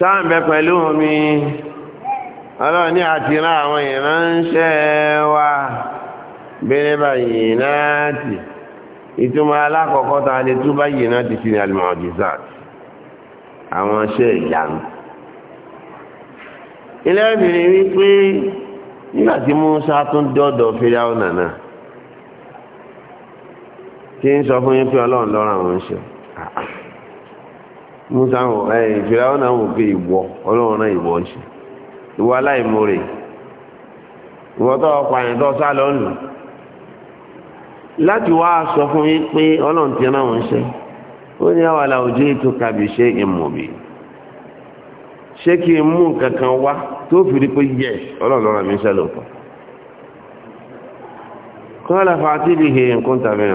sáàmbẹ pẹ̀lú mi ọlọ́run ní àti rán àwọn ìránṣẹ́ wa bẹ́rẹ̀ báyìí náà tì ìtumọ̀ alákọ̀ọ́kọ́ ta lè tún báyìí náà ti fi almu'jizat àwọn iṣẹ́ ìyanu ilé ìbìnrin wípé nígbà tí Musa tún dọ́dọ̀ Fíráúnà náà tí ń sọ fún yín pé ọlọ́run lọ́rọ̀ àwọn iṣẹ́ musa ahụ ee na ahụ igbo ọlọ́run náà ìwọ ṣe ìwọ aláìmoore ìwọ tó ọkwa anyị tó sá lọ́nù láti wá sọ fún yín pé ọlọ́run ti náà ń ṣe ó ní àwọn aláwùjọ ètò kàbí ṣe ìmọ̀bì ṣé kí n mú kankan wá tó fi rí pé yẹ ọlọ́run lọ́ra mi ṣe nǹkan tàbí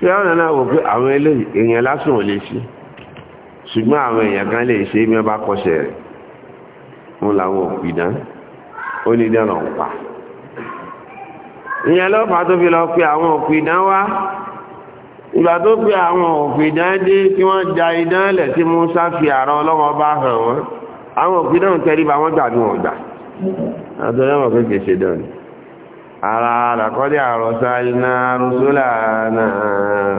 tí àwọn náà wò pé àwọn eléyìí èèyàn lásùn ò lè ṣe ṣùgbọ́n àwọn èèyàn kan lè ṣe bí wọ́n bá kọsẹ̀ rẹ̀ wọn làwọn òpìdán ó ní dáná ń pa ìyẹn lọ́pàá tó fi lọ pé àwọn òpìdán wá ìgbà tó pé àwọn òpìdán dé tí wọ́n ja idán lẹ̀ tí Musa fi àrọ ọlọ́wọ́ bá hàn wọ́n àwọn òpìdán tẹríba wọ́n gbà ní wọ́n gbà àtọ́lẹ́wọ̀n kékeré ṣe dán ni ara àràkọ́dí àrọ̀sá iná rúsúlà náà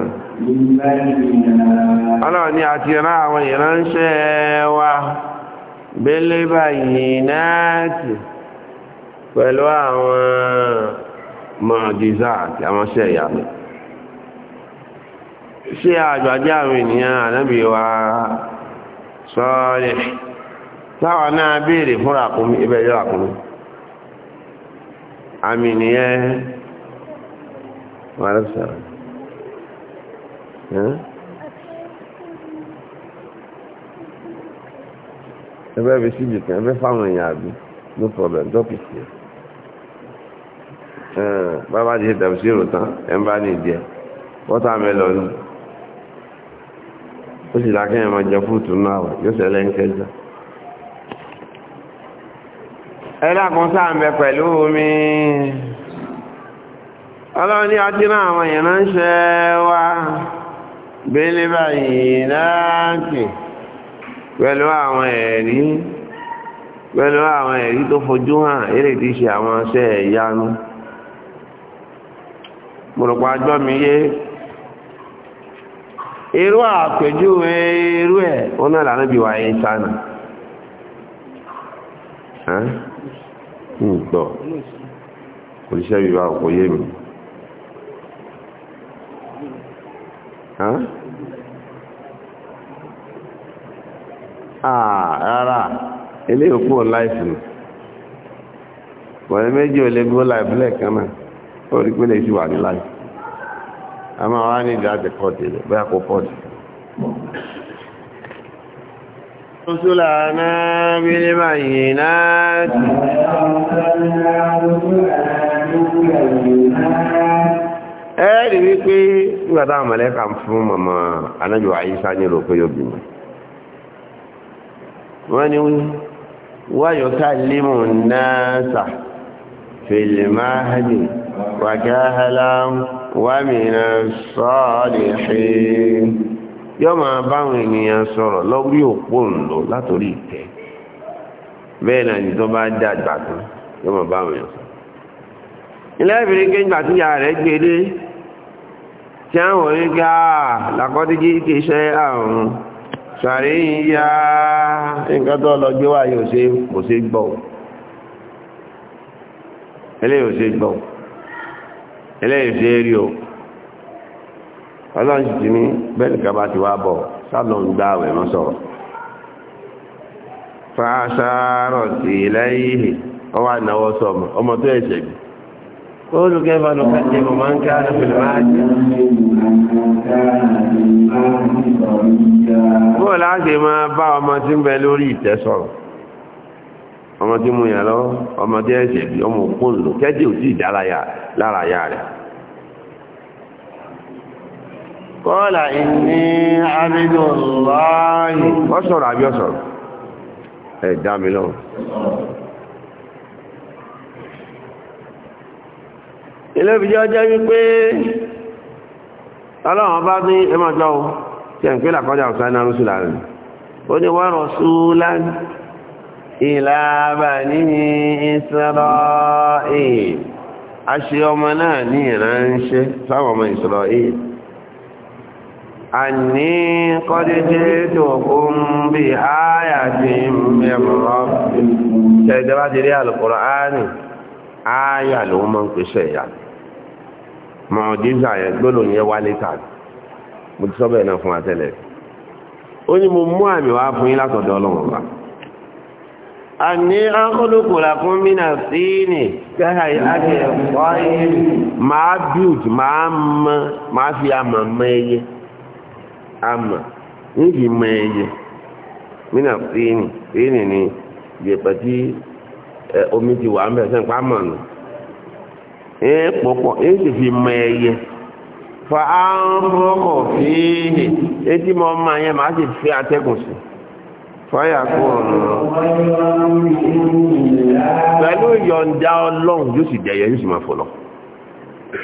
ọlọ́run ni a ti rán àwọn ìránṣẹ́ wa bẹ́lẹ́ báyìí náàtì pẹ̀lú àwọn mọ̀jíza àti àwọn ìyàmì ṣe àjọ̀jẹ́ àwọn ènìyàn ànábì wa sọ́ọ̀lẹ̀ táwọn náà béèrè fún ìbẹ̀rẹ̀ àkúnmí àmì nìyẹn wàhálà sọ̀rọ̀ ẹbẹ́ bí sí jìkan ẹbẹ́ fáwọn èèyàn àbí no problem topic yẹn bàbá ti dàbí sí ìrò tán ẹ ń bá ní ìdí ẹ wọ́tà mẹ́lọ̀ ni ó sì lákẹ́yìn máa jẹ fúrùtù náà yóò sẹ́lẹ̀ ń kẹjọ́. ẹlẹ́kùn sáàmẹ́ pẹ̀lú omi ní àtírà àwọn ìránṣẹ́ wa bèèlè báyìí láàkì pẹ̀lú àwọn ẹ̀rí pẹ̀lú àwọn ẹ̀rí tó fojú hàn eré tí ṣe àwọn ṣẹ́ ìyanu yé irú irú ẹ̀ bí wáyé sánà gbọ́ kò iṣẹ́ bíbá kò yé mi ah, rárá ilé òkú ò láìsì nù wọ̀nyí méjì ò lè gbó láìpù lẹ́ẹ̀kan náà ó rí pé lè ṣì ní láìpù a máa wá ní ìdájẹ́ pọ́ọ̀tì rẹ̀ bóyá kó pọ́ọ̀tì rẹ̀ رسلنا بالبينات ẹ̀rì wípé nígbàtá àmàlẹ́kà fún màmá anájò àyíṣà ní ìrò pé yóò bímọ wọ́n ni wáyọ̀ ká límù fèlè máa hajjì wàjáhálà wàmìnà sọ́ọ̀dì ṣe yóò máa báwọn ènìyàn sọ̀rọ̀ lórí òpó ńlò látòrí ìtẹ́ bẹ́ẹ̀ náà ni tó bá dàgbà tán yóò máa báwọn èèyàn sọ̀rọ̀ ilé ìbìrin kéńgbà tí ìyá rẹ̀ gbé dé tí àwọn oníkà ah, làkọ́díjì kì í ṣe àrùn sàrí ìyá nǹkan tó lọ gbé wáyé ò ṣe kò ṣe gbọ́ eléyìí ò ṣe gbọ́ eléyìí ò ṣe rí o. ọlọ́run sì ti ní ti wá bọ̀ sálọ ń gbá àwẹ̀ mọ́ sọ̀rọ̀ fàṣàrọ̀ sí lẹ́yìn ọwọ́ ànáwọ́ sọmọ ọmọ tó ẹ̀ṣẹ̀ bí قول كيف نكذب ọmọ tí ń bẹ ọmọ tí ẹ̀ṣẹ̀ bí ọmọ òkú kẹ́jì ò sí lára rẹ̀ kọ́ọ̀lá ìní abidùnláàyì wọ́n sọ̀rọ̀ àbí ọ̀sọ̀rọ̀ ẹ̀ dámi lọ́wọ́ ilé ìfìdí ọjọ́ wípé ọlọ́run bá ní ẹmọ́jọ́ tí ẹ̀ ń pè lákọjá ọ̀sán náà rúsùlá ó ní wọ́n rọ̀ súlá ìlà bani أني قد جئتكم بآية من ربكم تدرى جريا القرآن آية لهم كشيئا معجزة يقولون يوالتان متصبع نفهم أتلك ó ní mo mú àmì wá fún yín látọ̀dọ̀ ọlọ́run ọba a ní ánkọ́lùkùnlá fún mínà sí ní kẹ́hà ìlàjẹ̀ ọ̀hìn máa build máa mọ́ máa fi ama níbi mọ ihe mina fíìnì fíìnì ni yẹpẹ pati eh, omi e, e e ti wà ń bẹ sẹ́ńpá mọ̀ nù ẹ pọ̀pọ̀ fi fa áńfọ́kọ̀ fíìnì etí fi atẹ́gùn sí fáyà kó ọ̀nà pẹ̀lú ìyọ̀ǹda ọlọ́run yóò sì dẹ̀yẹ yóò sì máa fọ̀lọ́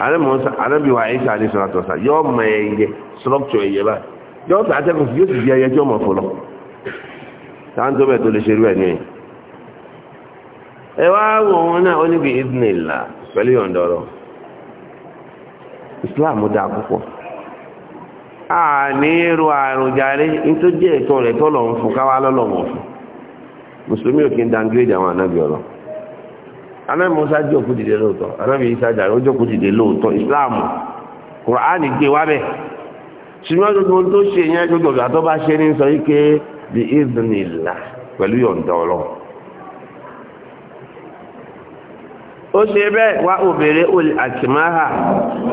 alẹ́ mọ̀ ọ́n sá alẹ́ bí wàá yọ ọmọ ẹyẹ structure ẹyẹ báyìí yóò gbà atẹ́gùn sí yóò sì di ẹyẹ mọ̀ fún lọ sáńtó tó lè ṣerú ẹ̀ ní ẹ̀yìn ẹ wá wọn náà ó níbi ìdínlá pẹ̀lú yọ̀ǹdọ̀rọ̀ Islam púpọ̀ àní irú àrùn jàre nítorí jẹ́ ìtọ́ rẹ̀ Musa dìde lóòótọ́ Isa jàre ó ṣùgbọ́n gbogbo tó ṣe yẹn gbogbo ìgbà tó bá ṣe ní sọ yìí ké the iznila pẹ̀lú yọ̀ǹda ọ̀rọ̀ ó ṣe bẹ́ẹ̀ wá obìnrin olè àtìmáhà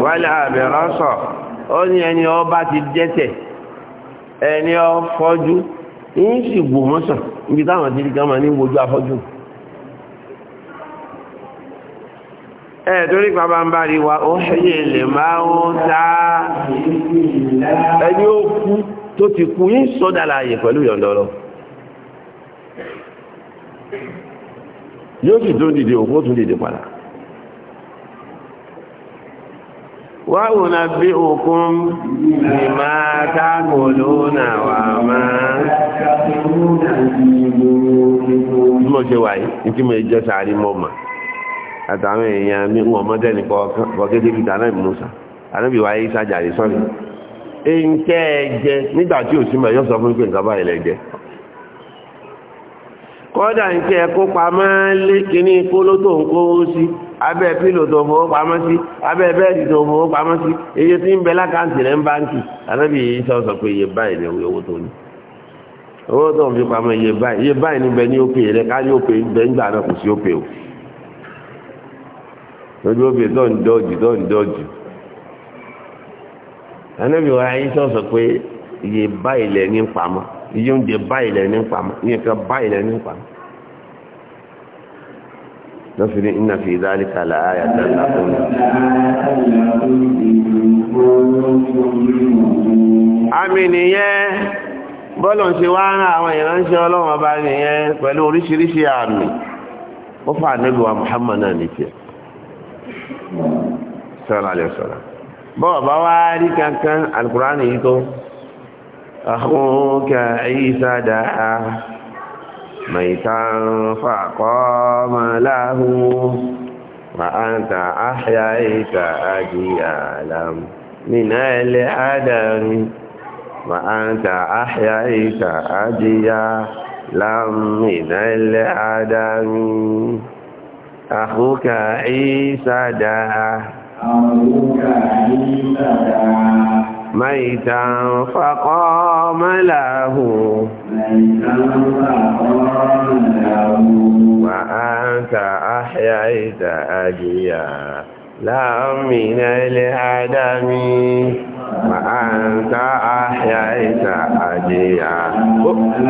wálé àbẹ̀rọ̀sọ̀ ó ní ẹni ọba ti dẹ́tẹ̀ ẹni ọ fọ́jú ń sì gbòmọ́sàn ibi táwọn ti di kan máa ní wojú afọ́jú. ẹ̀ torí bàbá ń bá rí wa ó ṣẹ́yẹ lè máa ń ta ẹni ó kú tó ti kú yín sọ́dà láàyè pẹ̀lú ìyọ̀ndọ̀rọ̀ yóò sì tó dìde òkú tún dìde padà wá wò na bí òkun ni máa káàkò lónà wà máa mo ṣe wáyé ní kí mo jẹ́ sàárì mọ́ màá àtàwọn èèyàn mi ń ọmọdé ní kọ́kẹ́ débi tàná ìmúsà ànábì wa ayé sájàre sọ́ọ̀lì ǹkẹ́ ẹ̀jẹ̀ ò sí mọ̀ yọ́ sọ fún pé nǹkan báyìí lẹ́jẹ̀ kọ́dà ǹkẹ́ ẹ̀kọ́ pamọ́ lé kíní kóló tó ń kó sí abẹ́ pílò tó fowó pamọ́ sí abẹ́ bẹ́ẹ̀dì tó pamọ́ sí iye tí ń bẹ lákàntì rẹ̀ ń báńkì sọ iye báyìí ni owó tó ní owó tó ń fi pamọ́ iye báyìí iye báyìí ni bẹ ní ó pè rẹ ká ní ó pè lójú obì tó ń ẹnẹ́bí wa ayé pé iye báyìí lẹ̀ ní pamọ́ iye oúnjẹ báyìí lẹ̀ ní pamọ́ iye kan báyìí lẹ̀ ní ní iná fi ìdárí kalẹ̀ ayà tẹ́lá fún mi. àmì nìyẹn bọ́lọ̀ ń ṣe wá ń àwọn ìránṣẹ́ ọlọ́run ọba nìyẹn pẹ̀lú oríṣiríṣi àmì ó fà nílùú Muhammad náà sallallahu alaihi wasallam bọ́ bá wá rí kankan alkùránì yìí tó akhuka Isa da'a maitan faqama lahu wa anta ahyaita ajyalam min al-adami wa anta ahyaita ajyalam min al-adami akhuka Isa da'a ميتا فقام له وأنت أحييت أجيا لا من العدم وأنت أحييت أجيا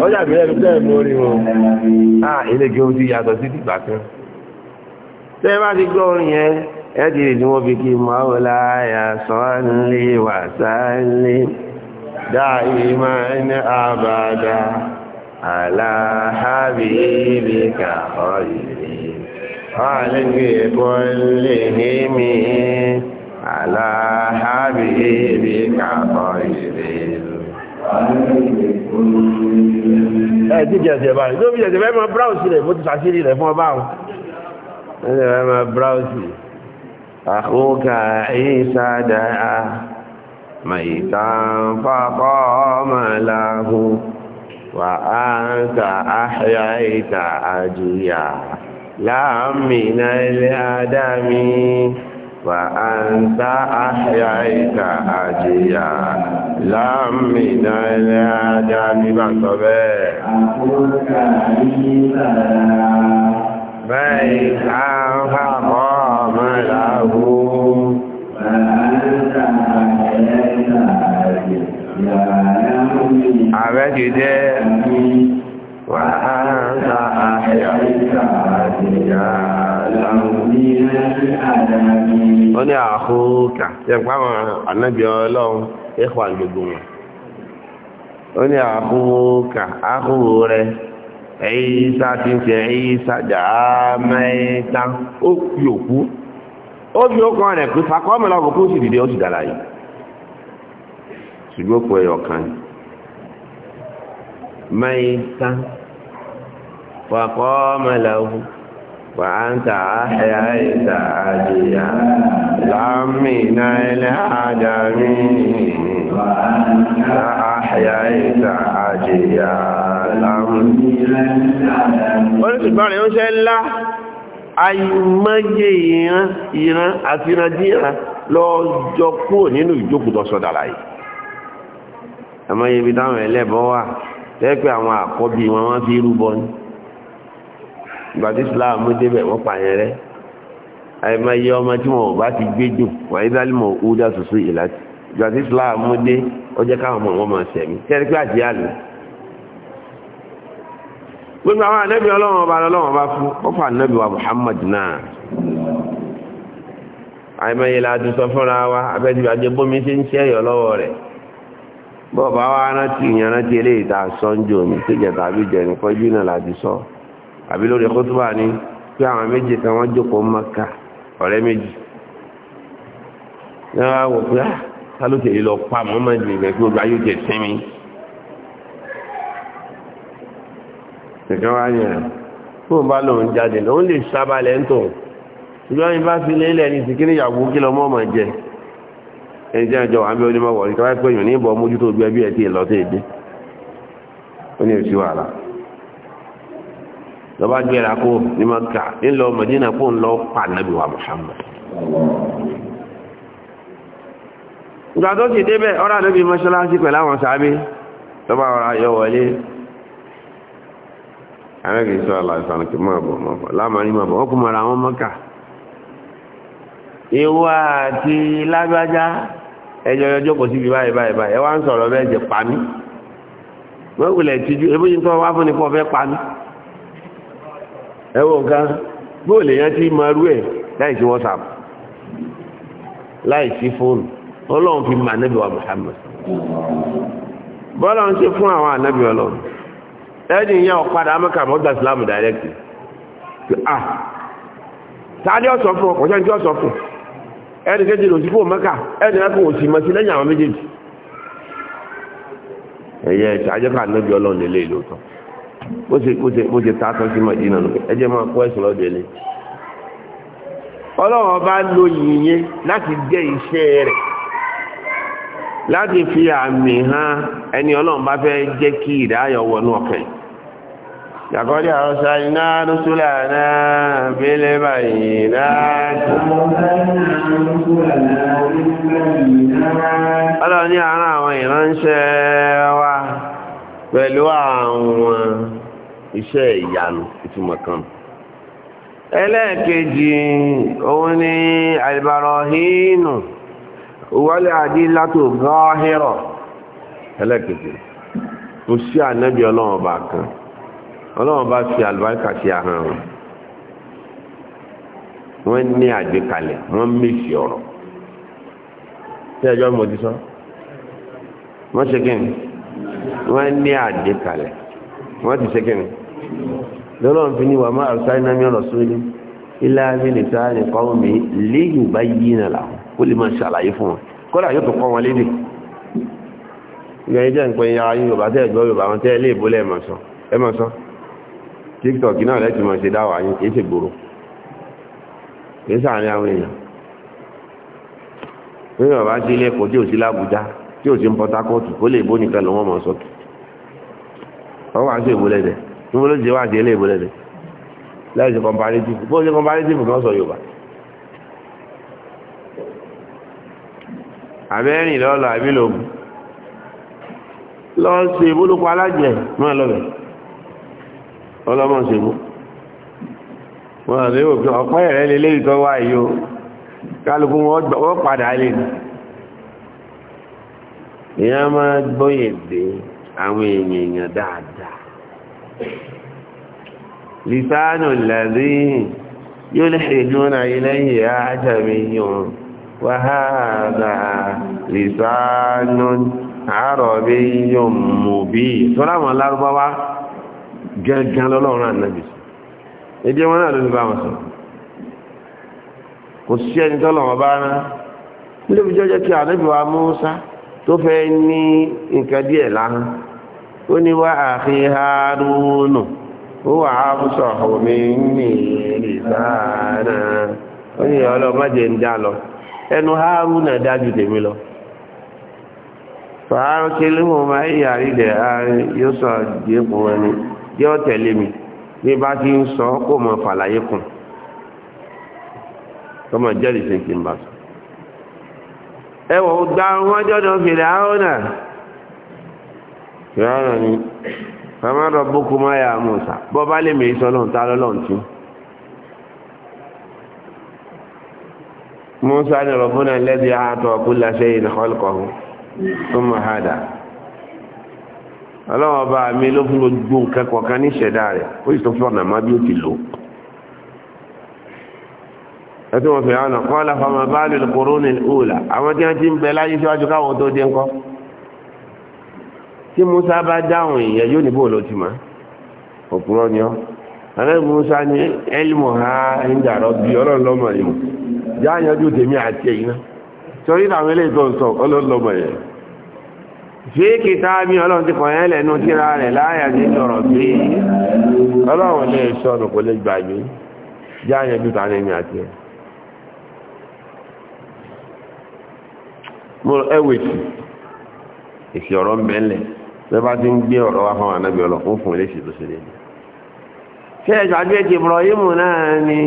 ó yà mí lẹ́nu tẹ́ mórí wọn ah ilé gẹ́ ó ti yàtọ̀ sí ti gbà kan tẹ́ bá ti gbọ́ orin yẹn ẹ̀dìrì ni wọ́n fi kí mọ́wọ́lá àyàsọ́lé wàsálé dáìmá ní àbádá aláhábì ibìkà ọ̀rìnrìn ọ̀lẹ́gbẹ̀ bọ́lẹ̀ nímí aláhábì ibìkà ọ̀rìnrìn ẹ̀ẹ́dìjẹ̀sẹ̀ báyìí tó fi jẹ̀sẹ̀ fẹ́ mọ́ bráùsì rẹ̀ mo ti mọ́ bráùsì rẹ̀ أخوك عيسى دعا ميتا فقام له وأنت أحييت أجيا لا من الأدم وأنت أحييت أجيا لا من الأدم بصبر أخوك عيسى دعا ميتا فقام حمله عبدد وأنت أحييته wọ́n ní àkókà tí ẹ̀pá àwọn ànábì ọlọ́run ẹ̀kọ́ àgbègbè wọn wọ́n ní àkókà àkókò rẹ̀ ẹ̀yí sá ti ń fi ẹ̀yí sá jà á mẹ́ta ó fi òkú ó fi ókan rẹ̀ pé fakọ́mọ̀lá ọkọ̀ kó sì dìde ó sì dára yìí ṣùgbọ́n pọ̀ ẹ̀yọ̀ kan mẹ́ta fakọ́mọ̀lá ahịa ịta á ń ta ya àìmọye ìran ìran àti ìrandíran lọ jọ kúrò nínú ìjókòó sọdà láyé àmọye ibi táwọn ẹlẹ́bọ wà tẹ́pẹ́ àwọn àkọ́bí wọn wọ́n fi rúbọ ní ìgbà tí Islam débẹ̀ wọ́n pààyàn rẹ́ àìmọye ọmọ tí wọn ò bá ti gbé jù wàá ìdálímọ̀ ó dá soso ìlàjì ìgbà tí Islam dé ọjọ́ káwọn gbogbo àwọn ànábì ọlọ́wọ́n ọba lọ́wọ́n bá fún ọfà ànábì wa Muhammad náà àìmọye láti sọ fúnra wa abẹ́jú ajé bómi ṣe ń ṣe ẹ̀yọ́ lọ́wọ́ rẹ̀ bọ́ bá wa rántí ìyànrántí eléyìí tá a sọ ń jò ní kéjẹ tàbí jẹ ní kọjú náà láti sọ àbí lórí kótóbà ni pé àwọn méjì kan wọ́n jókòó Mákà ọ̀rẹ́ méjì ní wọ́n á wò pé á ah, sálókè yìí lọ pa mọ́mọ́dé rẹ̀ gbogbo ayé ó nìkan wá yẹn tó ń bá lòun jáde lòun lè sábàlẹ̀ ń tòun ṣùgbọ́n yín bá fi lélẹ̀ ní ti kíní ìyàwó kí lọ mọ́ ọmọ jẹ ẹni tí a jọ àmì onímọ̀ wọ̀ ní káwáyé pé èèyàn ní ìbọn mójútó gbẹ bí ẹ ti lọ sí èdè ó ní èsì wàhálà lọ́ba gbéra kó ní maka ńlọ Mẹdínà kó ńlọ pa nàbì wa Muhammad ìgbà tó ti débẹ̀ ọ̀rọ̀ àdóbi mọ́ṣáláṣí pẹ̀lú àwọn sábẹ́ lọ́ba ọ̀rọ̀ ayọ̀ wọlé anaghị esi ala nke mabọ mabọ lamari ọ kụmara àwọn maka ìwọ àti lágbájá ẹjọ ọjọ́ kò síbi báyìí báyìí báyìí ẹ wá ń sọ̀rọ̀ bẹ́ẹ̀ jẹ pami wọ́n wulẹ̀ tijú ebí yìí tó wá fún ni kó ti ma whatsapp láì sí fóònù wa Muhammad ẹni ìyẹn ọ̀padà amẹ́ka mọ́ gba ìsìlámù dàrẹ́kì ọ̀sọ̀ fún ọkọ̀ sẹ́ni tí ọ̀sọ̀ fún ẹni kejì lòsí fún ọmọkà ẹni ẹkọ̀ òsì mọ́ sí lẹ́yìn àwọn méjèèjì láti fi àmì hàn ẹni ọlọ́run bá fẹ́ jẹ́ kí ìdáyọ̀ wọnú لقد أرسلنا رسلنا بالبينات ọlọ́run ní àárá àwọn ìránṣẹ́ wa pẹ̀lú kan ẹlẹ́ẹ̀kejì òun ni àìbàrọ̀hínù wọlé àdílátò gọ́ọ́hírọ̀ ẹlẹ́ẹ̀kejì kò sí ànábì ọlọ́run ọba kan ọlọ́run bá fi àlùbáríkà sí ahọ́n wọn wọ́n ní àgbékalẹ̀ wọ́n mèsì ọ̀rọ̀ tí ẹjọ́ mo ti sọ wọ́n ṣe kí ni wọ́n ní àgbékalẹ̀ wọ́n ti ṣe kí ni lọ́lọ́run fi ní wà máa ṣáà iná mi ọ̀rọ̀ sórí ilé ayé lè sáà ní kọ́wọ́ mi léyìn bá yí iná là ó lè máa ṣàlàyé fún wọn kódà yóò tó kọ́ wọn lédè ìgbà yìí jẹ́ nǹkan ìyára yín Yorùbá tẹ́ ẹ̀gbọ́ Yorùbá wọn tẹ́ ẹ lé ìbólẹ̀ ẹ̀ mọ̀ sọ ẹ̀ mọ̀ sọ tiktok náà lẹ́tì mọ̀ ṣe dáwà yìí kìí ṣe gbòrò kìí sàárín àwọn èèyàn pé yóò bá sí ilé ẹ̀kọ́ tí ò sí lábújá tí ò sí ń Port Harcourt kó lè bó nìkan lọ́wọ́ mọ̀ sọ́tù ọwọ́ wá sí ìbúlẹ̀dẹ̀ ní wọ́n ló ti wá sí ilé ìbúlẹ̀dẹ̀ lẹ́yìn sí comparative bó ṣe comparative kan sọ Yorùbá àbẹ́rìn lọ́lọ́ àbí lòun lọ́ọ́ ṣe ìbólúkọ alájẹ náà lọ́bẹ̀ẹ́ ọlọ́mọ ṣe mú wọn àti òkè ọ̀pẹ́ rẹ̀ lè léyìí tó wá yìí o kálukú wọ́n padà lè ní ìyá máa gbọ́yè dé àwọn èèyàn dáadáa lisanu lẹ́rí yóò lè ṣèdúnà ilẹ́yìn ajami yóò wà hádà lisanu àrọ̀bí yóò mú bí tọ́lámọ̀ gẹ́gẹ́ lọ́lọ́run ànábì èdè wọn náà ló ní bá wọn sọ kò sí ẹni tọ́lọ̀ wọn bá rán nílé ìjọ jẹ́ kí ànábì wa Mùsá tó fẹ́ ní nǹkan díẹ̀ láhán ó ní wá àfi Hárúnù ó wà á sọ omi ní ìlànà ó ní ọlọ́mọdé ń dá lọ ẹnu tèmi lọ fàárọ̀ kí máa ń yàrí yóò yóò tẹ̀lé mi bí bá ti ń sọ kó mọ fàlàyé kùn tọmọ jẹ́rìí sí kí n bá sọ. ẹ wọ gba fèrè àwọn ni màmá dọ bókú má yà sa lè mèé sọ tí. musa ni rọ̀bùnà lẹ́bi àtọ̀ kúlẹ̀ ṣe ọlọ́run ọba mi ló fún gbogbo nǹkan kọ̀ọ̀kan ní ìṣẹ̀dá rẹ̀ ó sì fún ọ̀nà má bí ó ti lò ẹtí la òòlà àwọn tí wọ́n ti ń bẹ láyé síwájú káwọn tó dé ńkọ́ tí Musa bá dáhùn èèyàn yóò níbò ló ti Musa ní ha ń dàrọ́ bí jáàyànjú tèmi àti ẹ̀yìn náà torí làwọn eléyìí tó ń sọ yẹn. fi kìtàbí ọlọ́run ti kọ̀yẹ́ lẹ́nu tíra rẹ̀ láyà ní ọ̀rọ̀ pé ọlọ́run lè sọ́nù kò lè gbàgbé jáyẹ̀ bí tàà nẹ́mi àti ẹ̀ mo ẹwẹ̀sì èsì ọ̀rọ̀ mẹ́lẹ̀ lẹ́bá ti ń gbé ọ̀rọ̀ wá fáwọn anábì ọlọ́run fún ilé ìṣèlú sílẹ̀ ni ṣé ẹ̀jọ̀ àti náà ni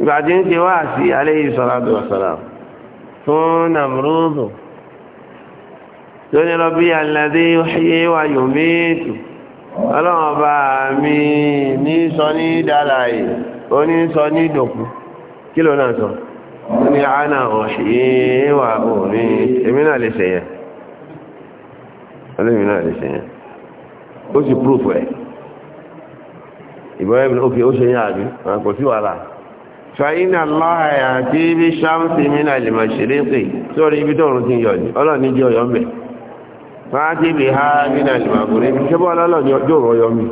ìgbà tí ń ti wá sí alayhi lórí rọ́bí alẹ́dé yóò wá yòmíìtù ọlọ́run mi ní sọ ní dàlàyé ó ní sọ ní dòkú kí ló náà sọ ó ní àánà ọ̀ṣìyẹ́ òní èmi náà lè ṣẹ̀yẹ ọlọ́run náà lè ṣẹ̀yẹ ó sì púrùfù ẹ̀ ìbọn ẹ̀bùn òkè ó ṣe yín kò sí wàhálà fàyín náà lọ́hà àti ibi náà lè máa sórí ibi tó ń ní jẹ́ ọ̀yọ́ mẹ́rin fàájì bí ha nínú àlùmọ̀kùnrin ṣe bọ́ na ní ọjọ́ ọ̀rọ̀ yọmí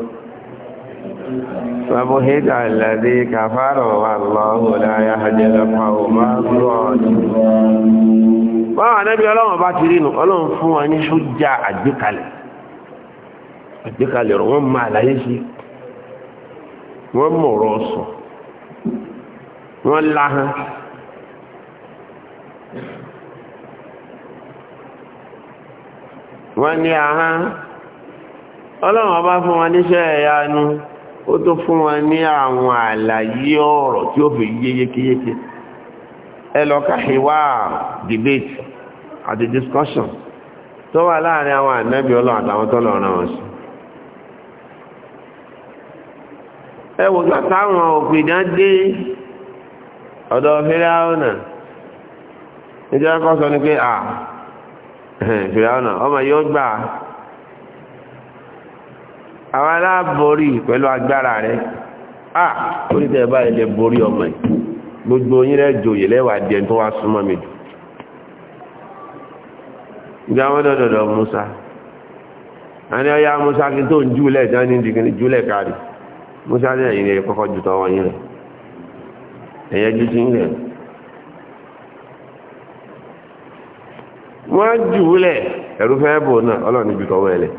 sọ́bọ̀ hẹ́dà lẹ́dí kàfàrọ̀ wà lọ́wọ́ láyá àjẹ́lẹ̀ pàwọ́má wọ́n láhán wọ́n ní ahán ọlọ́run ọba fún wọn níṣẹ́ ẹ̀yánu ó tó fún wọn ní àwọn àlàyé ọ̀rọ̀ tí ó fi yé ẹ lọ káàkiri discussion tó wà láàrin àwọn ànábì ọlọ́run àtàwọn tó ni pé à fìràwọ̀nà ọmọ yóò gbà àwọn aláàbòrí pẹ̀lú agbára rẹ̀ à oríṣẹ́ báyìí lè borí ọmọ gbogbo yín rẹ̀ jòyè lẹ́wà díẹ̀ tó wá súnmọ́ mi jù ìgbà dọ̀dọ̀dọ̀ Musa ọya Musa kí tó ń júlẹ̀ tí wọ́n ní dìgbìn júlẹ̀ Musa ní ẹ̀yìn rẹ̀ kọ́kọ́ jù rẹ̀ jù sí wọ́n jùúlẹ̀ ẹ̀rú fẹ́ bò náà ọlọ́ni jù tọwọ́ ẹlẹ̀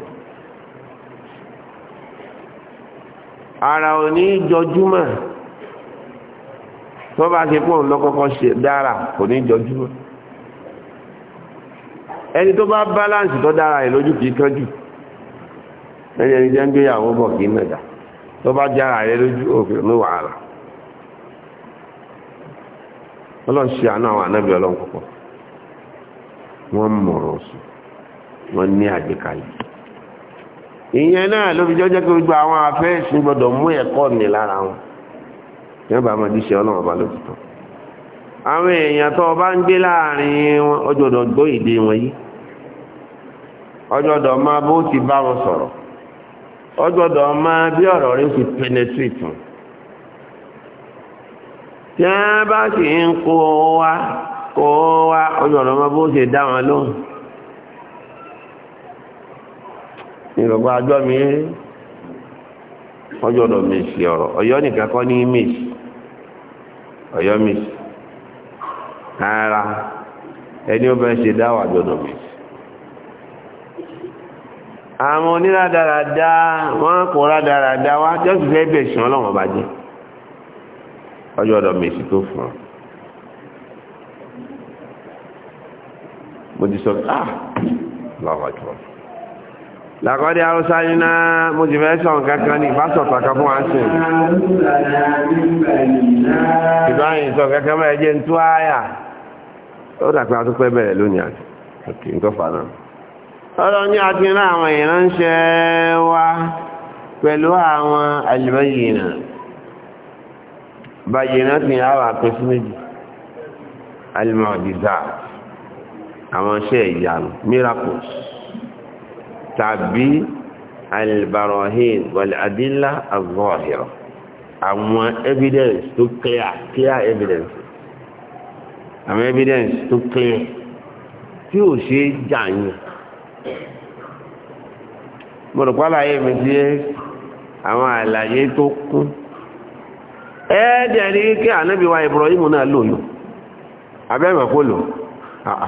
ara ò ní jọjúmọ̀ tó bá ṣe pọ̀ lọ́kọ́kọ́ ṣe dára kò ní jọjúmọ̀ ẹni tó bá báláǹsì tó dára ẹ̀ lójú kìí kánjú ẹni ẹni jẹ́ ń gbéyàwó bọ̀ kìí mẹ́ta tó bá jára ẹ̀ lójú òfin ní wàhálà ọlọ́ṣẹ́ àná àwọn ànábì ọlọ́nkọ̀kọ̀ wọ́n mọ̀rọ̀ sùn wọ́n ní àgbékalẹ̀ ìyẹn náà ló fi jọ́jọ́ gbogbo àwọn afẹ́sìn gbọ́dọ̀ mú ẹ̀kọ́ ní lára wọn yẹn bá máa díṣẹ́ ọlọ́run ọba ló àwọn èèyàn tó bá ń gbé láàrin wọn ọjọ́dọ̀ gbọ́ wọn yìí ọjọ́dọ̀ máa bó bá wọn sọ̀rọ̀ ọjọ́dọ̀ máa bí ọ̀rọ̀ ti penetrate wọn tí ọ̀nà ọmọ bó ṣe dá wọn lóhùn ìrọ̀gbọ́ ajọ́ mi ọjọ́ ọ̀dọ̀ ọ̀rọ̀ nìkan kọ́ ní ara ẹni ó bẹ́ẹ̀ ṣe dáwà ọ̀dọ̀ mèsì àwọn onílàdàradà wọ́n kò rádàradà wá jọ́sì fẹ́ bẹ̀ bá jẹ́ ọjọ́ ó ti sọ ah lọ́wọ́ jù làkọ́dé arúsá iná mo ti fẹ́ sọ nǹkan kan ní ìbásọ̀ kàkà fún wa sí ìbáyìí sọ kankan bẹ́ẹ̀ jẹ́ ń tú àyà ó dàpẹ́ atúpẹ́ bẹ̀rẹ̀ lónìí àti òkè ń tọ́fà náà ọlọ́run ní àti iná àwọn ìránṣẹ́ wa pẹ̀lú àwọn àlùbáyìnà bàyìnà ti àwọn àpẹsí méjì alìmọ̀dìzáàtì àwọn iṣẹ́ ìyanu miracles tàbí albarahin wàlàdílà azọ́ọ̀hìrọ̀ àwọn evidence tó clear clear evidence àwọn evidence tó clear tí ò ṣe jàyìn mọ̀rọ̀pálá yìí mi ti àwọn àlàyé tó kún ẹ́ẹ̀dẹ̀ ní kí ànábì wa Ibrahim náà lò lò abẹ́mẹ̀kó lò àà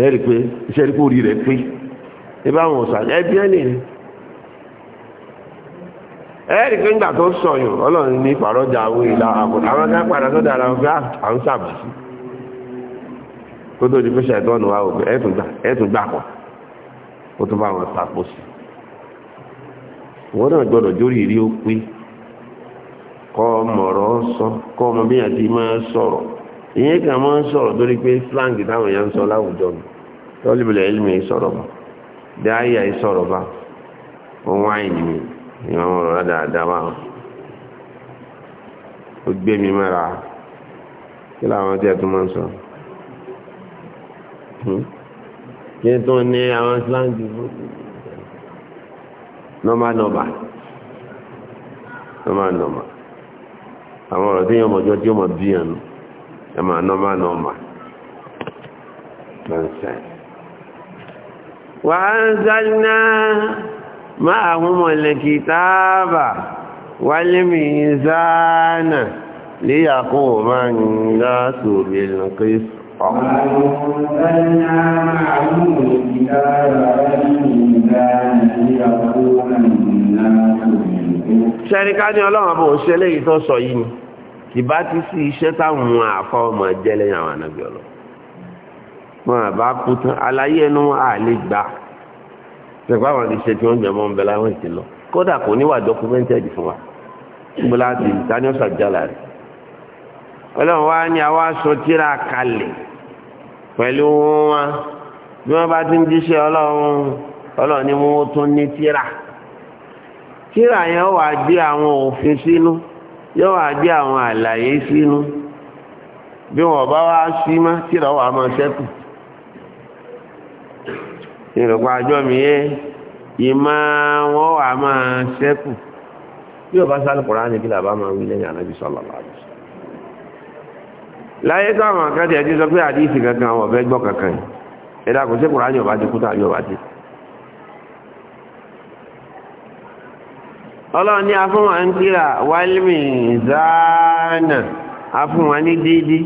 ẹ̀rí pé iṣẹ́ rí kó rí rẹ̀ pé ibá wọn ọ̀sà ẹbí ẹ̀ nìyẹn ẹ̀rí pé ńgbà tó sọ̀yùn ọlọ́run ní ìpàrọ̀jà àwọn ìlà àkùnrin àwọn kan padà tó dára wọn pé ah, à ń sàbùsí kó tó di pé ṣàìtọ́nù wa ẹ̀tún gbà pọ̀ kó tó bá wọn sí wọn náà gbọdọ̀ jórí ìrí ó sọ kọ́ ọmọ máa ìyẹn kan máa ń sọ̀rọ̀ lórí pé slang táwọn èèyàn ń sọ láwùjọ mi tọ́lìbìlẹ̀ ilmi sọ̀rọ̀ bá dáyà sọ̀rọ̀ bá ohun àìní ni wọ́n rọ̀ dáadáa bá wọn ó gbé mi mẹ́ra kí láwọn tí ẹ tún máa ń sọ hmm? kí n tún ní àwọn slang normal number normal number àwọn ọ̀rọ̀ tí yẹn mọ̀jọ́ tí ó mọ̀ bí ẹnu ẹmà nọ́mà nọ́mà lọ́nsẹ̀ wà ń zálínà máa hún mọ̀lẹ̀kì táàbà wálé mìíràn léyàkó máa ń gá sóbi lọ́kẹ́sì وأنزلنا معهم الكتاب والميزان ليقوم الناس بالقسط. شركات الله أبو سليم تصعيني ìbá ti sí iṣẹ́ táwọn àfa ọmọ jẹ́ lẹ́yìn àwọn ànábì ọlọ wọn àbá kú tán àlàyé ẹnu àlè gbà tẹ̀kọ́ àwọn àdìsẹ́ tí wọ́n jẹ mọ́ ń bẹ láwọn ìsìn lọ kódà kò níwà dọ́kúmẹ́ntẹ́dì fún wa níbo láti daniel sàjálà rẹ̀ ọlọ́run wá ní àwa sọ tíra kalẹ̀ pẹ̀lú wọn bí wọ́n bá ti ń díṣẹ́ ọlọ́run ọlọ́run ni wọ́n tún ní tíra tíra yẹn wà gbé àwọn òfin sínú. yóò wá gbé àwọn àlàyé sínú bí wọn bá wá sí mọ́ tíra wà máa sẹ́kù. àjọ mi yé ìmọ̀ wọn wà máa sẹ́kù. bí ọba sálẹ̀ kọ̀ọ̀rọ̀ ànìkí làbá máa wí lẹ́yìn ànábì sallallahu alaihi láyé táwọn akẹ́tẹ̀ẹ́ ti sọ pé àdìsí kankan fẹ́ gbọ́ kankan ẹ̀dá kò sí ọba ti kú tàbí ọba ti ọlọ́run ní afún wa ń tíra wálmì záánà afún wa ní dídí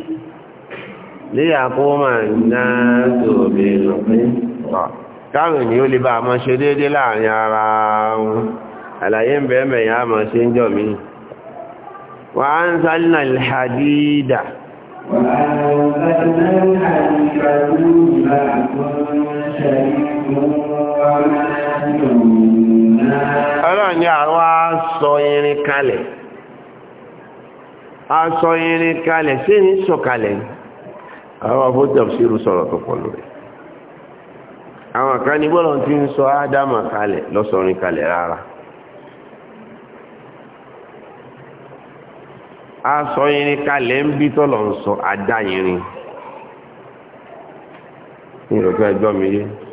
lè àkómà náà tòbí lọ́pín káwọn ni ó lè bá àmọ́ ṣe déédé láàrin ara wọn àlàyé ń bẹ̀ẹ́ mẹ̀yà àmọ́ ṣe ń jọ mí wà á ń sálínà ìhàdídà وأنزلنا الحديد منه بأس شديد ومنافع ọlọ́run ni àwọn irin kalẹ̀ sọ irin kalẹ̀ sí ní sọ̀kalẹ̀ ni àwọn afọ́jọ́ sírù sọ̀rọ̀ tó pọ̀ lórí àwọn kan ní tí ń sọ ádámà kalẹ̀ kalẹ̀ rárá irin kalẹ̀ ń bí tọ́lọ̀ ń sọ irin ní mi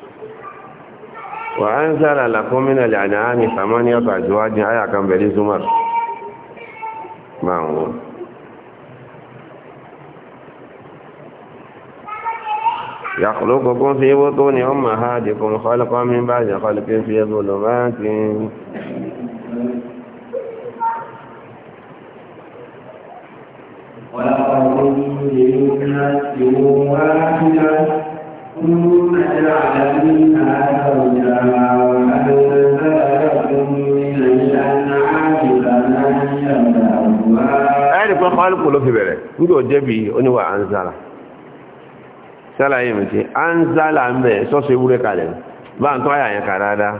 وأنزل لكم من الأنعام ثمانية أزواج آية كان بلي زمر ما هو يخلقكم في بطون أمهاتكم خلقا من بعد خلق في ظلمات gbọ́ onye oníwà anzala sálàyé mi ti anzala ń bẹ̀ sọ́sọ́ ewúrẹ́ kalẹ̀ bá ń tọ́ àyà yẹn kà dáadáa.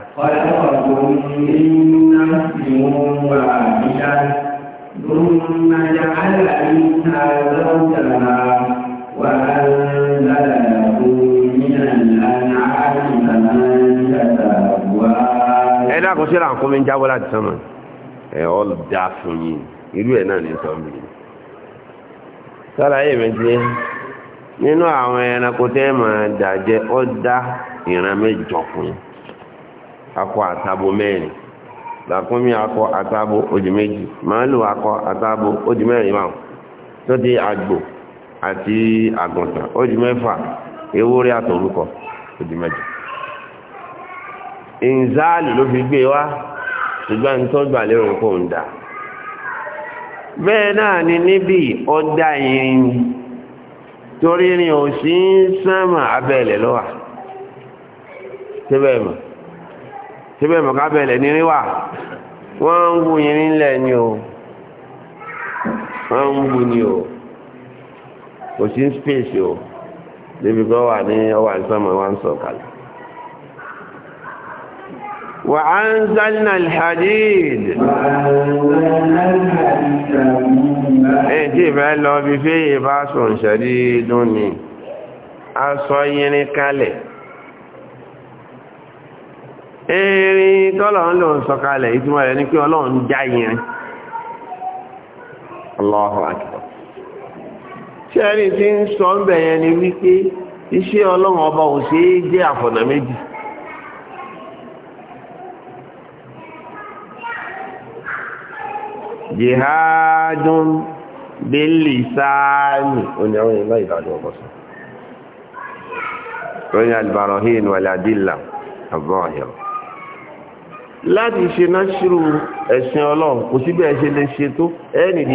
ẹ̀dá kò sí ra nǹkan mi jábọ́ láti sánmà ẹ̀ ọ́ da fún yín irú ẹ̀ náà ní sára yìí méjì nínú àwọn ẹranko tẹ́ máa dàjẹ́ o dá ìran mẹ́jọ fún akọ àtabo mẹ́rin làkúnmí akọ àtabo odi méjì màálù akọ atabo odi mẹ́rin máa tó di àgbò àti àgùntàn odi mẹ́fà ewúrẹ́ àtòrúkọ odi mẹ́jọ ìnzáàlì ló fi gbé wá ṣùgbọ́n tó gbà lérò bẹ́ẹ̀ náà ni níbi ọdá irin torí ni ò sí ń sánmà abẹ́ẹ̀lẹ̀ lọ́wà síbẹ̀mọ̀ síbẹ̀mọ̀ ka ní ríwà wọ́n ń wú irin lẹ̀ ni o wọ́n ń wú ni o kò sí space o débi kọ́ wà ní ọwà ìsánmà wọ́n ń وأنزلنا الحديد ẹ̀tí ìbẹ́ lọ bí fẹ́ ìbá sùn ṣẹ̀rí a sọ tọ́lọ̀un ìtumọ̀ rẹ̀ ní ọlọ́run já tí ń sọ ń bẹ̀yẹn ni wípé iṣẹ́ ọlọ́run ọba ò jihadun onye oní àwọn ìlú Onye ọgbọ̀sán oní albarahin wàládìlà àbọ̀ọ̀yọ̀ láti ṣe náṣírù ẹ̀sìn ọlọ́run kò bí ẹ ṣe lè ṣe tó náà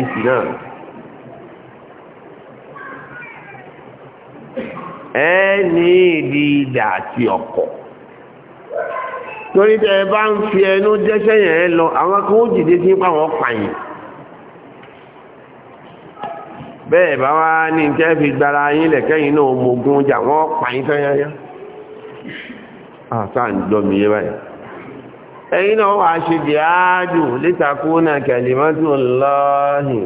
ẹ ní ìdí ìdà ọkọ̀ torí tẹ bá ń fi ẹnu jẹ́sẹ̀ lọ àwọn kan ó pàwọn bẹ́ẹ̀ bá wá ní tẹ́ fi gbára yín lẹ̀kẹ́yìn náà mogun jà wọ́n pàyín tẹ́yẹyẹ ah, àtà ń dọ́mi yé báyìí ẹ̀yìn náà wà ṣe dì áàdù lítakú náà kẹlìmọ́tò lọ́hìn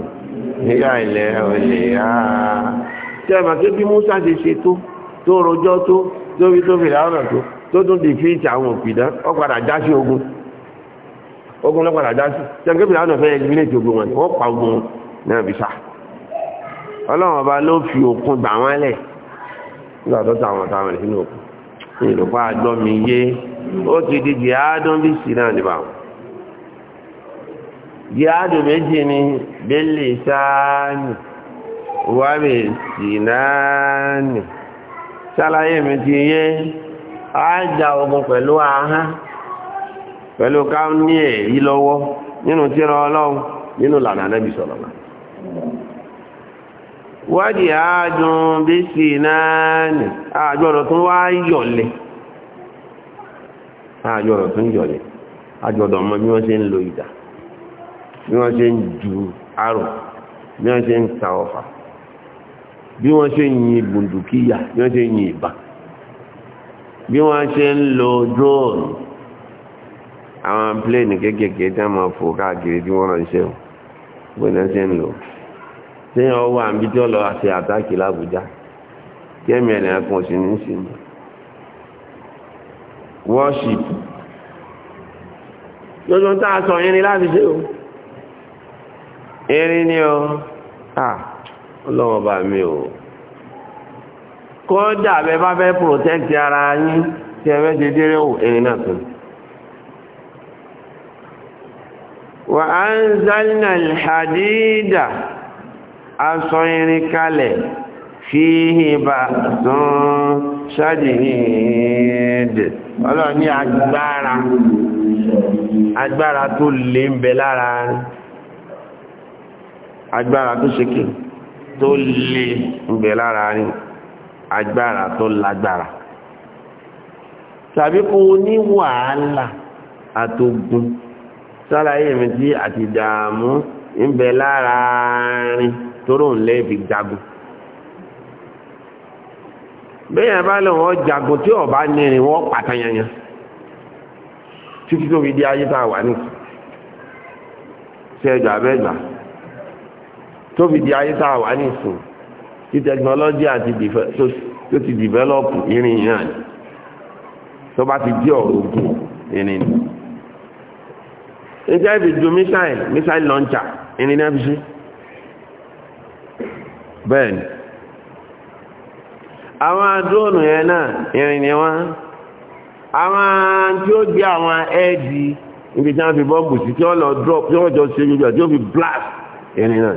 nígbà ilẹ̀ olè àà tẹ́ẹ̀mà tó bí Musa ṣe ṣe tó tó rojọ́ tó tó fi tó fìlà ọ̀nà ogun ogun ló padà sí tẹ́ẹ̀mà tó fìlà ọ̀nà fẹ́ ẹ̀lìmínẹ̀tì ogun wọn ni wọ́n pa ogun náà fi sáà ọlọ́run ọba ló fi òkun gbà wọ́n lẹ̀ nígbà sínú òkun ní ìlúpa o yé ó ti di jihadun bí sí náà níbà wọn méjì ni bẹ́lẹ̀ sáánì sí mi ti yé ogun pẹ̀lú ahán pẹ̀lú ká ní èyí lọ́wọ́ nínú ọlọ́run nínú sọ̀rọ̀ wádìí ààjùn bí sí náà nì àjọ̀rọ̀ tún wá yọ̀lẹ̀ àjọ̀rọ̀ tún yọ̀lẹ̀ àjọ̀dọ̀ ọmọ bí wọ́n ṣe ń lo ìdà bí wọ́n ṣe ń ju arò bí wọ́n ṣe ń ta ọfà bí wọ́n ṣe ń yin bùndùkíyà bí wọ́n ṣe ń yin ìbá bí wọ́n ṣe ń lo drone àwọn pléènì kéékèèké tí wọ́n fò káàkiri tí wọ́n ránṣẹ́ wọ́n ṣe ń lò ó téèyàn wà níbi tí ó lọ àti àtàkì làbújá kẹ́mi ẹ̀rìn ẹ̀kan sí ní sinmi worship lójú tá a sọ irin láti ṣe o irin ni ọ ah ọlọ́wọ́ bá mi o kódà bẹ bá fẹ́ protect ara yín tí ẹ fẹ́ ṣe o irin náà tún. وأنزلنا الحديد aṣọ irin kalẹ̀ fíhì bá tún ṣáàjìhìndì ọlọ́run ní agbára agbára tó lè ń bẹ lára rẹ̀ agbára tó ṣe kí tó lè ń bẹ lára rẹ̀ agbára tó lágbára tàbí kó ní wàhálà àtogun sára èmi tí àti dààmú ń bẹ lára rẹ̀ Toro ńlẹ́ fi jagun bẹ́ẹ̀ bá lọ wọ́n jagun tí ọba nírin wọ́n pàtàyànyàn títí tó fi di ayé tá a wà ní sẹ́jọ abẹ́gbà tó fi di ayé tá a wà ní ìsìn tí tẹkinọ́lọ́jì àti tó ti dìvẹ́lọ́pù irin yìí náà tó bá ti di ọ̀rọ̀ ogun irin ni. ìjẹ́ ìbí ju mísáìlì mísáìlì lọ́ńchà irin náà fi ṣe. bẹ́ẹ̀ ni àwọn drone yẹn náà irin ni wọ́n àwọn tí ó gbé àwọn ẹ́ẹ̀dì níbi tí fi sí tí lọ drop tí wọ́n jọ ṣe gbogbo tí fi blast irin náà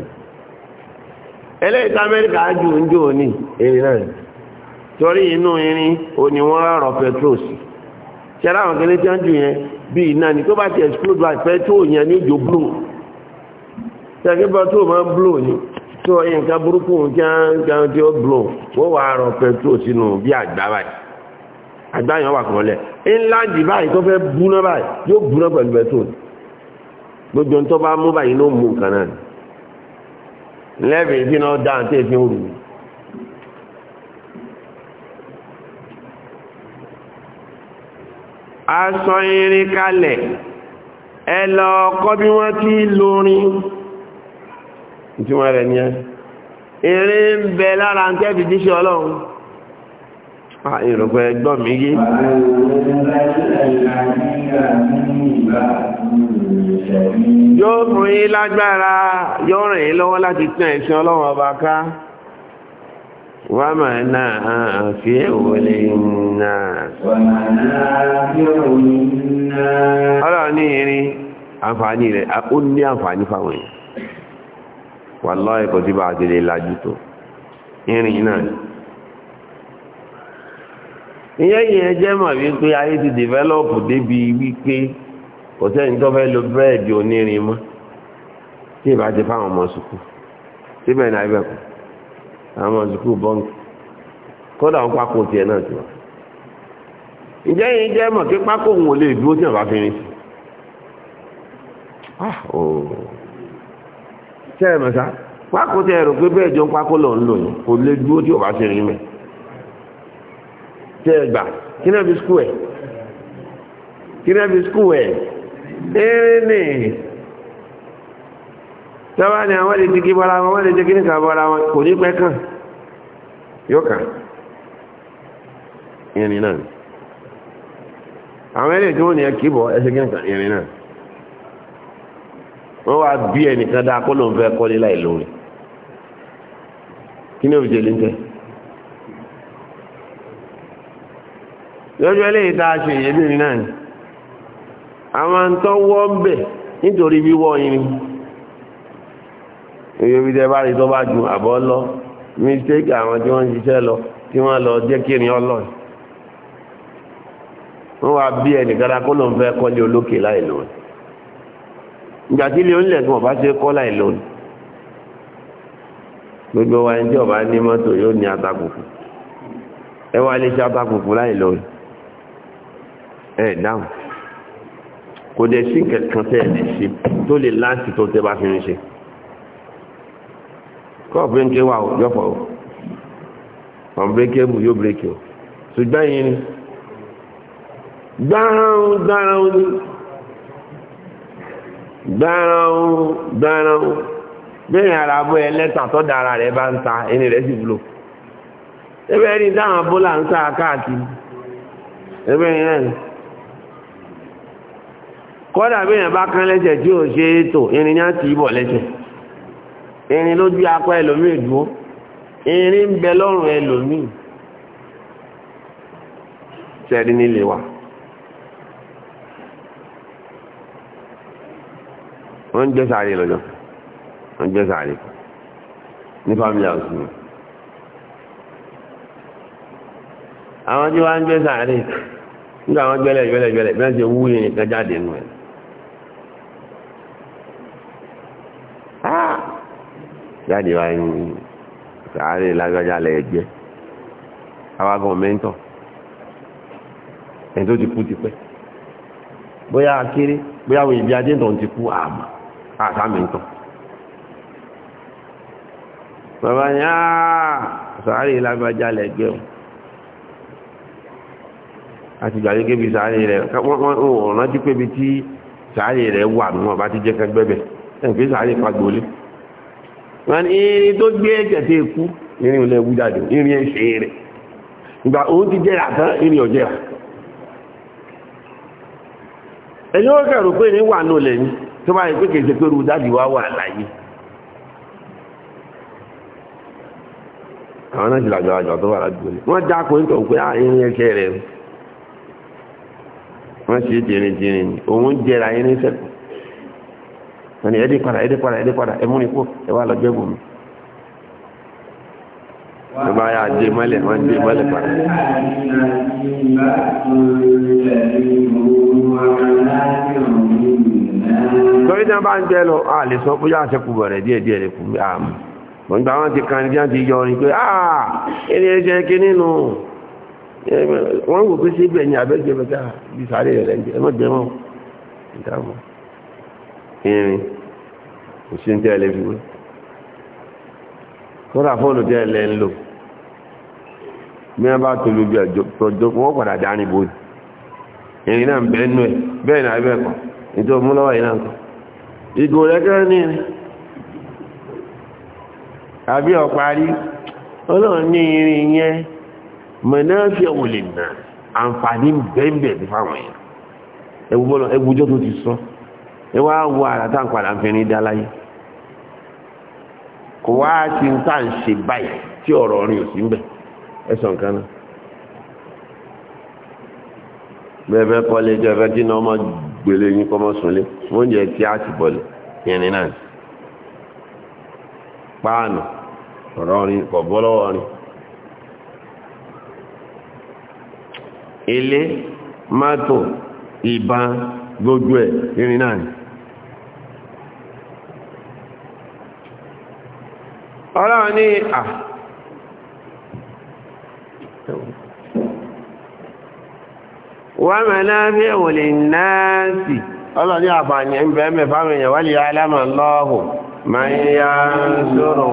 eléyìí amẹ́ríkà jù ń jò ní irin náà torí inú irin ò ní wọ́n rọ̀ petrol ṣẹlá àwọn kẹlẹ́ tí wọ́n jù ti explode by yẹn ní ìjò blue ni tó nǹkan burúkú nǹkan tí ó blò wọ́n wà rọ pẹ̀tró sínú bí àgbá báyìí àgbá yẹn wà kàn lẹ̀ ńlá jì báyìí tó fẹ́ búná báyìí yóò búná pẹ̀lú pẹ̀tró gbogbo tó bá mú báyìí ló mú nǹkan náà lẹ́bìn tí náà dáa tí èfi ń rù aṣọ irin kalẹ̀ ẹ lọ kọ́ bí wọ́n ti lórin ìtumọ̀ rẹ̀ ní ẹ́ eré ń bẹ lára ń tẹ́bì díṣẹ́ ọlọ́run ìrọ̀gbẹ̀ ẹgbọ́n mi yé yóò fún yín lágbára yóò ràn yín lọ́wọ́ láti tàn ọlọ́run ọba ká náà fi náà ọlọ́run ní àǹfààní rẹ̀ ó ní àǹfààní fáwọn èèyàn wà lọ́ẹ̀kọ́ tí bá àdìlẹ̀ lájú tó irin náà ìyẹn yẹn jẹ́ mọ̀ wípé ayé ti dìvẹ́lọ́pù débi wípé kò sẹ́ni tó fẹ́ lo búrẹ́dì onírin mọ́ tí ìbá ti fáwọn ọmọ sùkú síbẹ̀ náà ibẹ̀ kù àwọn ọmọ sùkú bọ́ǹkì kódà wọn pákó tiẹ̀ náà ti wà. ǹjẹ́ yìí jẹ́ mọ̀ kí pákó òun ò lè dúró tí wọ́n bá fi rin sí. Ah, tẹ́ ẹ̀ mẹ́ta pákó tẹ́ ẹ rò pé bẹ́ẹ̀ jọ ń pákó lọ ń lò yìí kò lè dúró tí ò bá ṣe rí mẹ́ tẹ́ ẹ gbà kí náà fi skú ẹ̀ kí náà fi skú ẹ̀ eré nì ni àwọn lè ti kí wọn wọ́n lè ti kí nìkan bọ́ra wọn kò ní pẹ́ kàn yóò kàn ìrìn náà àwọn ẹlẹ́ẹ̀kí wọ́n ni ẹ kí bọ́ ẹsẹ̀ kí nìkan wọ́n wá bí ẹnìkan dáa kó ló ń fẹ́ kọ́lé láì lórí kí ni òfìjẹ́ lè ń tẹ́ lọ́jọ́ eléyìí tá a ìyẹ́bìnrin náà ni àwọn tó wọ́ ń bẹ̀ nítorí wíwọ́ yín ni èyí òfìjẹ́ bá rí tó bá ju àbọ̀ lọ mistake àwọn tí wọ́n ń ṣiṣẹ́ lọ tí wọ́n lọ jẹ́ kí ni ọlọ́run wọ́n wá bí ẹnìkan dáa kó ló ń fẹ́ kọ́lé olókè láì lórí ìgbà tí ilé onílẹ̀ tí wọ́n bá ṣe kọ́ láì lónìí gbogbo wa ẹni tí ọba ní mọ́tò yóò ní atakùkù ẹ wá lè ṣe atakùkù láì lónìí ẹ dáhùn kò dẹ̀ sí kẹ̀kẹ́ tẹ́ ẹ̀ lè ṣe tó lè láti tó tẹ́ bá fi ń ṣe kọ́ọ̀bù ń wà ó yọ̀fọ̀ ó ọ̀nbrékébù yóò brékì ó ṣùgbọ́n yìí ni gbáhùn gbáhùn ni. dánránwó dánránwó bẹ́ẹ̀ ara bó ẹ tó dára rẹ̀ bá ń ta ẹni rẹ̀ sì wúlò ẹbẹ́ rí dáhùn abúlà ń ta káàkiri ẹbẹ́ yẹn kọ́dà bí yẹn bá kán lẹ́sẹ̀ tí ò ṣe é tò irin ti bọ̀ lẹ́sẹ̀ irin ló akọ ẹlòmíì dúró irin ń bẹ lọ́rùn ẹlòmíì wọ́n ń jẹ́ sáré lọ́jọ́ wọ́n ń jẹ́ sáré ní family house ni àwọn tí wọ́n ń jẹ́ sáré nígbà wọn gbẹ́lẹ̀ gbẹ́lẹ̀ gbẹ́lẹ̀ bí wọ́n ti wú yìí nìkan jáde nù ẹ̀ ah! jáde wá ní sáré lágbájá lẹ́ẹ̀jẹ́ awagun mẹ́ńtọ̀ ẹni tó ti kú ti pẹ́ bóyá akéré bóyá àwọn adéǹtọ̀ ti kú àmà àtàmìntàn bàbá ní àà sàárè lágbàjá lẹ́gbẹ̀ẹ́ o àti ìgbà gẹ́gẹ́ bí ka rẹ̀ wọ́n rántí pé bí tí sàárè rẹ̀ wà nù ọba ti jẹ́ kẹgbẹ́bẹ̀ ẹ̀fẹ́ sàárè fagbólé wọ́n ní irin tó gbé ẹ̀kẹ̀tẹ̀ ikú irin olè wú jáde irin ẹ̀ṣẹ̀ rẹ̀ ìgbà òun ti jẹ́ra tán irin ọ̀jẹ́ra ẹ̀yìn ó kẹ̀rù pé ní wà nù lẹ́yìn tó bá yẹ pé kèsè pé ru dáàdi wa wà láyé àwọn náà ti làjọ àjọ tó wà ládùúgbò ni wọ́n já kó nítorí pé ah, irin ẹsẹ̀ rẹ̀ wọ́n ṣe tìrìntìrìn ni òun jẹra irin ẹsẹ̀ kù wọ́n padà ẹ̀dí padà ẹ̀dí padà ẹ̀mú ni kú ẹ̀ wá lọ jẹ́ bùnmi. ló bá yà dé mọ́lẹ̀ wọ́n dé mọ́lẹ̀ padà. Thank you torí tí wọ́n bá ń jẹ́ lọ a lè sọ fún yáà sẹ́kù bẹ̀rẹ̀ díẹ̀ díẹ̀ lè kún àmú wọ́n gbà wọ́n ti kan ní wọ́n ti yọ orin pé àà ah, ilé iṣẹ́ kí nínú wọ́n wò pé síbẹ̀ ní abẹ́jẹ́ bẹ́ta ah, bí sáré rẹ̀ jẹ́ ẹmọ́ jẹ́ mọ́ ìdáàmọ́ irin kò sí ní tẹ́lẹ̀ fi wé kódà fóònù tẹ́lẹ̀ ń lò bí wọ́n bá tolú bí ọjọ́ wọ́n ètò ọmọlọ́wà ìlànkọ̀ ìgò rẹ̀kẹ́rẹ́ ní irin àbí ọ̀parí ọlọ́run ní irin yẹn mọ̀náfí ọ̀wọ̀lẹ̀ náà àǹfààní bẹ́ẹ̀bẹ̀ẹ̀ fáwọn èèyàn ẹgbùbọ́lọ̀ ẹgbùjọ́ tó ti sọ ẹ wá wọ àràtà ń padà fẹ́ ní dáláyé kò wá ti ń tà ń ṣe báyìí tí ọ̀rọ̀ rìn ò sí ń bẹ̀ ẹ̀sọ̀ nǹkan náà bẹ́ẹ̀ bẹ́ẹ̀ kọ́lé jẹ́ fẹ́ tí náà máa gbélé yín kọ́mọ́ súnlé oúnjẹ tí a ti bọ̀lẹ̀ yẹnni náà páànù ọ̀rọ̀ rin kọ̀bọ́lọ́wọ́ rin ilé mátò ìbọn gbogbo ẹ̀ irin náà ni ọlọ́run ní à wọ́n mẹ́ lábẹ́ òlè náà sì ọlọ́dí àfààní ń bẹ́ẹ̀mẹ́ fáwọn èèyàn wálé alámà ń yá sọ̀rọ̀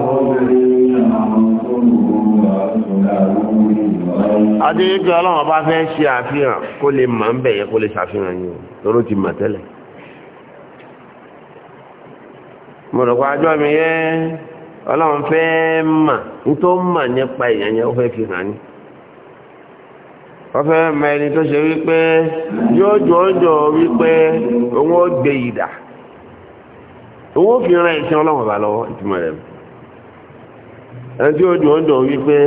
adé yìí ọlọ́run fẹ́ ṣe àfihàn kó ń bẹ̀yẹ ọfẹ́ mọ ẹni tó ṣe wípé yóò jọjọ wípé òun ó gbé ìdà òun ó fi ran ìṣẹ́ ọlọ́run bá lọ́wọ́ ìtumọ̀ rẹ̀ ẹni tí ó jọjọ wípé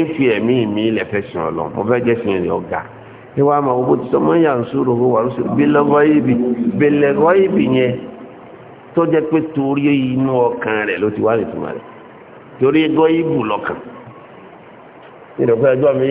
ń fi ẹ̀mí mi lẹ́fẹ́ sin ọlọ́run mo fẹ́ jẹ́ sin rẹ̀ ọ̀gá ní wàá máa owó tí sọmọ yà ń sòrò owó wà lóṣù bílẹ̀gọ́ ibì bílẹ̀gọ́ ibì yẹn tó jẹ́ pé torí inú ọkàn rẹ̀ ló ti wá ìtumọ̀ rẹ̀ torí gọ́ ibù lọ́kàn nítorí ẹjọ́ mi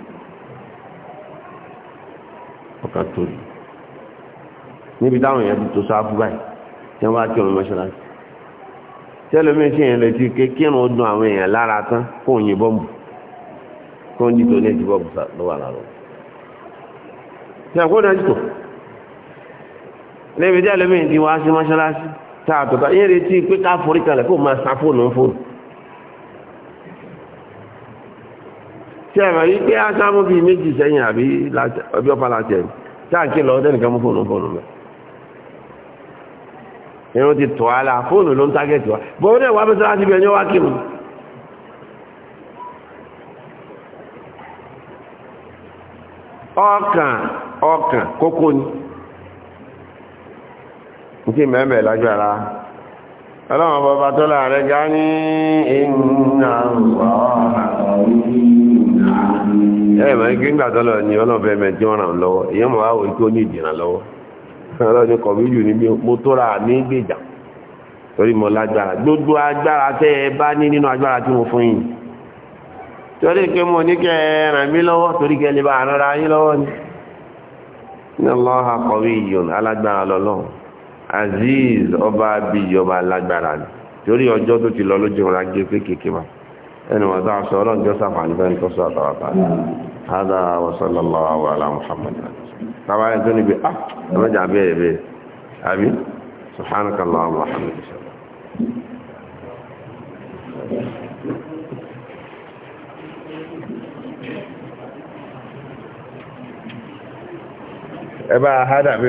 ọ̀kan tó rí níbi táwọn èèyàn ti tó sáfù báyìí tí wọ́n bá kí ọmọ mọ́ṣáláṣí tẹ́lẹ̀mí ṣe yẹn létí kékeré ó dun àwọn èèyàn lára tán kó yin bọ́ọ̀mù kó ń dìtò ní ìdìbọ̀mù lọ́wọ́ àlá lọ. ṣé àkókò náà dìtò níbi tẹ́lẹ̀mí ti wá sí mọ́ṣáláṣí tá a tó ká yẹn létí pé ká forí kalẹ̀ kó máa sa fóònù fóònù. ṣe ẹ̀rọ yìí pé aṣáájú bíi méjì sẹ́yìn àbí ọbí ọ̀pá láti ẹ̀ táàkì lọ ọdẹ́nìkan mú fóònù fóònù irun ti tọ́ ala fóònù ló ń tágẹ́tì wa bọ́ọ̀ náà wà mẹ́sàn láti bí ẹni wá kírun ọkàn ọkàn kókó ni nkí mẹ́mẹ́ lágbára ọlọ́run ọba tó láàrẹ gá ní ìnáwó àwọn ẹ mọ̀ ní gbígbà tọ́lọ̀ ni ọlọ́fẹ́ mẹ́ ràn lọ́wọ́ èyàn mọ̀ wáwọ̀ ikú ní ìdìràn lọ́wọ́ ọlọ́ni kọ̀míjù ni mo tóra mi gbèjà torí lágbára gbogbo agbára tẹ́ ẹ bá ní nínú agbára tí mo fún yìí torí pé mo ní kẹ́ ẹ ràn mí lọ́wọ́ torí kẹ́ lè bá yín lọ́wọ́ ni ní ọlọ́ha alágbára lọ́lọ́ aziz ẹni wọ́n tán sọ ọlọ́run jọ sàfàní fẹ́ni tó sọ àtàràtà hádà wọ́sọ́lá lọ́wọ́ àlà muhammad tàbá ẹni tó níbi ah ẹmẹ́jà bẹ́ẹ̀ bẹ́ẹ̀ àbí subhanakallah muhammad